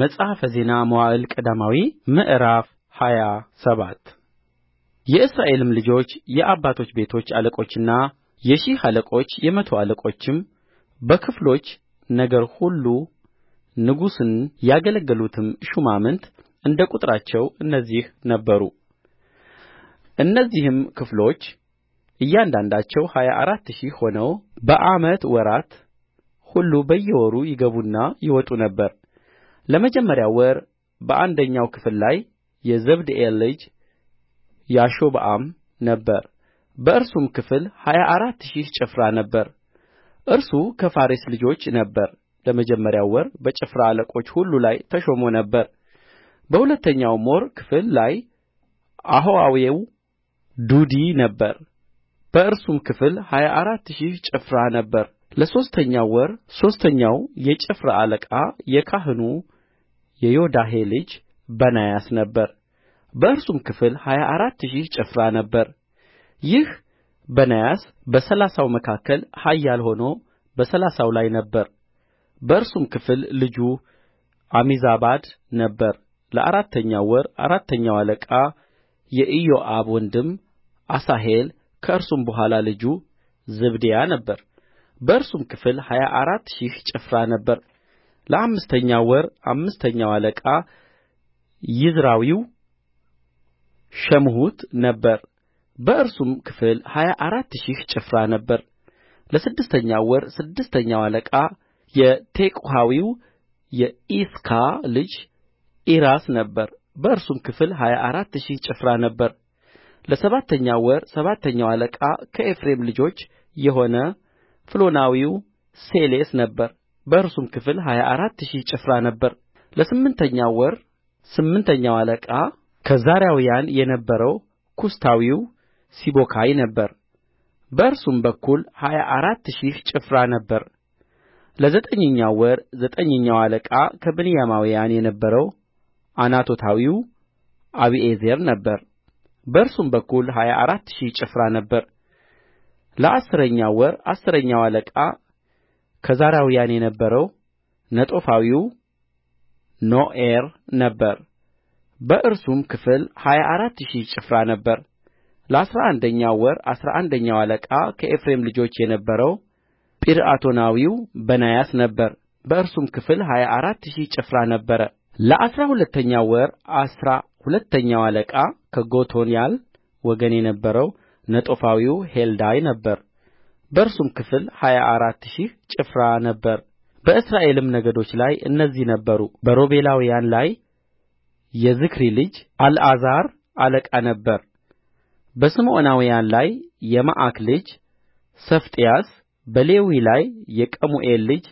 መጽሐፈ ዜና መዋዕል ቀዳማዊ ምዕራፍ ሃያ ሰባት የእስራኤልም ልጆች የአባቶች ቤቶች አለቆችና የሺህ አለቆች የመቶ አለቆችም በክፍሎች ነገር ሁሉ ንጉሡን ያገለገሉትም ሹማምት እንደ ቍጥራቸው እነዚህ ነበሩ እነዚህም ክፍሎች እያንዳንዳቸው ሀያ አራት ሺህ ሆነው በዓመት ወራት ሁሉ በየወሩ ይገቡና ይወጡ ነበር ለመጀመሪያው ወር በአንደኛው ክፍል ላይ የዘብድኤል ልጅ ያሾብዓም ነበረ በእርሱም ክፍል ሀያ አራት ሺህ ጭፍራ ነበረ እርሱ ከፋሬስ ልጆች ነበረ ለመጀመሪያው ወር በጭፍራ አለቆች ሁሉ ላይ ተሾሞ ነበር በሁለተኛውም ወር ክፍል ላይ አሆሃዊው ዱዲ ነበረ በእርሱም ክፍል ሀያ አራት ሺህ ጭፍራ ነበረ ለሦስተኛው ወር ሦስተኛው የጭፍራ አለቃ የካህኑ የዮዳሄ ልጅ በናያስ ነበረ በእርሱም ክፍል ሀያ አራት ሺህ ጭፍራ ነበረ ይህ በናያስ በሠላሳው መካከል ኃያል ሆኖ በሠላሳው ላይ ነበረ በእርሱም ክፍል ልጁ ዓሚዛባድ ነበረ ለአራተኛው ወር አራተኛው አለቃ የኢዮአብ ወንድም አሣሄል ከእርሱም በኋላ ልጁ ዝባድያ ነበረ በእርሱም ክፍል ሀያ አራት ሺህ ጭፍራ ነበረ ለአምስተኛው ወር አምስተኛው አለቃ ይዝራዊው ሸምሁት ነበረ በእርሱም ክፍል ሀያ አራት ሺህ ጭፍራ ነበረ ለስድስተኛው ወር ስድስተኛው አለቃ የቴቁሐዊው የዒስካ ልጅ ዒራስ ነበረ በእርሱም ክፍል ሀያ አራት ሺህ ጭፍራ ነበረ ለሰባተኛው ወር ሰባተኛው አለቃ ከኤፍሬም ልጆች የሆነ ፍሎናዊው ሴሌስ ነበረ በእርሱም ክፍል ሀያ አራት ሺህ ጭፍራ ነበረ ለስምንተኛው ወር ስምንተኛው አለቃ ከዛራውያን የነበረው ኩሳታዊው ሲቦካይ ነበረ በእርሱም በኩል ሀያ አራት ሺህ ጭፍራ ነበረ ለዘጠኝኛው ወር ዘጠኝኛው አለቃ ከብንያማውያን የነበረው ዓናቶታዊው አቢዔዜር ነበረ በእርሱም በኩል ሀያ አራት ሺህ ጭፍራ ነበረ ለአሥረኛው ወር አሥረኛው አለቃ ከዛራውያን የነበረው ነጦፋዊው ኖኤሬ ነበረ በእርሱም ክፍል ሀያ አራት ሺህ ጭፍራ ነበረ ለአሥራ አንደኛው ወር አሥራ አንደኛው አለቃ ከኤፍሬም ልጆች የነበረው ጲርዓቶናዊው በናያስ ነበረ በእርሱም ክፍል ሀያ አራት ሺህ ጭፍራ ነበረ ለአሥራ ሁለተኛው ወር አሥራ ሁለተኛው አለቃ ከጎቶንያል ወገን የነበረው ነጦፋዊው ሔልዳይ ነበረ በእርሱም ክፍል ሀያ አራት ሺህ ጭፍራ ነበረ በእስራኤልም ነገዶች ላይ እነዚህ ነበሩ በሮቤላውያን ላይ የዝክሪ ልጅ አልዓዛር አለቃ ነበረ በስምዖናውያን ላይ የመዓካ ልጅ ሰፋጥያስ በሌዊ ላይ የቀሙኤል ልጅ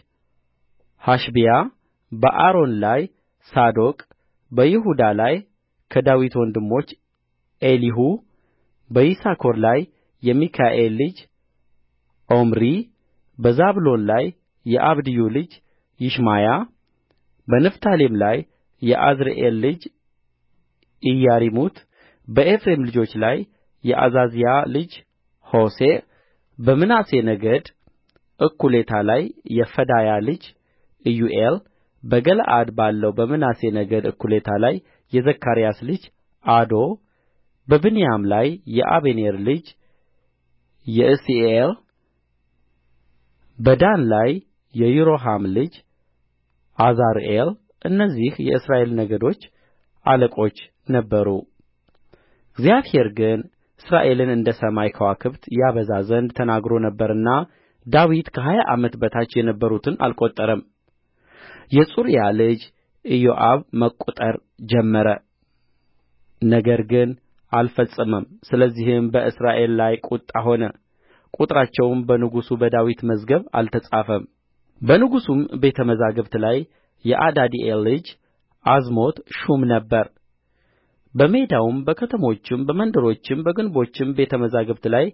ሐሸቢያ በአሮን ላይ ሳዶቅ በይሁዳ ላይ ከዳዊት ወንድሞች ኤሊሁ በይሳኮር ላይ የሚካኤል ልጅ ዖምሪ በዛብሎን ላይ የአብድዩ ልጅ ይሽማያ በንፍታሌም ላይ የዓዝሪኤል ልጅ ኢያሪሙት በኤፍሬም ልጆች ላይ የዓዛዝያ ልጅ ሆሴዕ በምናሴ ነገድ እኩሌታ ላይ የፈዳያ ልጅ ኢዩኤል በገለዓድ ባለው በምናሴ ነገድ እኩሌታ ላይ የዘካርያስ ልጅ አዶ በብንያም ላይ የአበኔር ልጅ የዕሢኤል በዳን ላይ የይሮሐም ልጅ ዓዛርኤል እነዚህ የእስራኤል ነገዶች አለቆች ነበሩ እግዚአብሔር ግን እስራኤልን እንደ ሰማይ ከዋክብት ያበዛ ዘንድ ተናግሮ ነበርና ዳዊት ከሀያ ዓመት በታች የነበሩትን አልቈጠረም የጽሩያ ልጅ ኢዮአብ መቍጠር ጀመረ ነገር ግን አልፈጸመም ስለዚህም በእስራኤል ላይ ቍጣ ሆነ ቍጥራቸውም በንጉሡ በዳዊት መዝገብ አልተጻፈም በንጉሡም ቤተ መዛግብት ላይ የዓዲኤል ልጅ ዓዝሞት ሹም ነበረ በሜዳውም በከተሞችም በመንደሮችም በግንቦችም ቤተ መዛግብት ላይ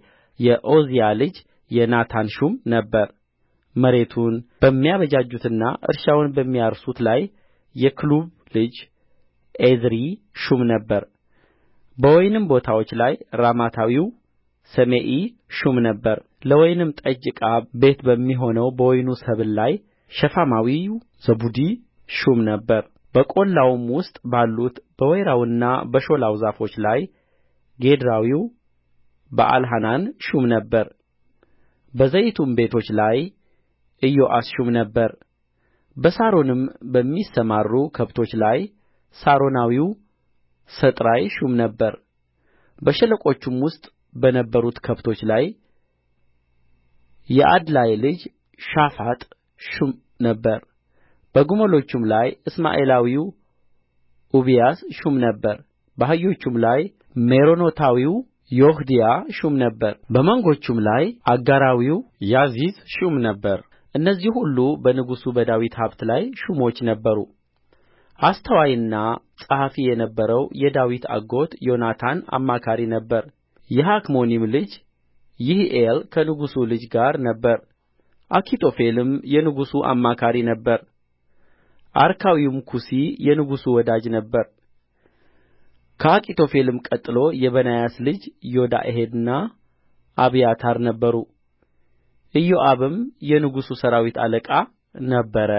የዖዝያ ልጅ ዮናታን ሹም ነበረ መሬቱን በሚያበጃጁትና እርሻውን በሚያርሱት ላይ የክሉብ ልጅ ኤዝሪ ሹም ነበረ በወይንም ቦታዎች ላይ ራማታዊው ሰሜኢ ሹም ነበረ ለወይንም ጠጅ ዕቃ ቤት በሚሆነው በወይኑ ሰብል ላይ ሸፋማዊው ዘቡዲ ሹም ነበረ በቈላውም ውስጥ ባሉት በወይራውና በሾላው ዛፎች ላይ ጌድራዊው በአልሐናን ሹም ነበረ በዘይቱም ቤቶች ላይ ኢዮአስ ሹም ነበረ በሳሮንም በሚሰማሩ ከብቶች ላይ ሳሮናዊው ሰጥራይ ሹም ነበረ በሸለቆቹም ውስጥ በነበሩት ከብቶች ላይ የዓድላይ ልጅ ሻፋጥ ሹም ነበረ በግመሎቹም ላይ እስማኤላዊው ኡቢያስ ሹም ነበረ በአህዮቹም ላይ ሜሮኖታዊው ይሕድያ ሹም ነበረ በመንጎቹም ላይ አጋራዊው ያዚዝ ሹም ነበረ እነዚህ ሁሉ በንጉሡ በዳዊት ሀብት ላይ ሹሞች ነበሩ አስተዋይና ጸሐፊ የነበረው የዳዊት አጎት ዮናታን አማካሪ ነበረ የሐክሞኒም ልጅ ይሒኤል ከንጉሡ ልጅ ጋር ነበረ አኪጦፌልም የንጉሡ አማካሪ ነበረ አርካዊውም ኩሲ የንጉሡ ወዳጅ ነበረ ከአኪጦፌልም ቀጥሎ የበናያስ ልጅ ዮዳሄና አብያታር ነበሩ ኢዮአብም የንጉሡ ሠራዊት አለቃ ነበረ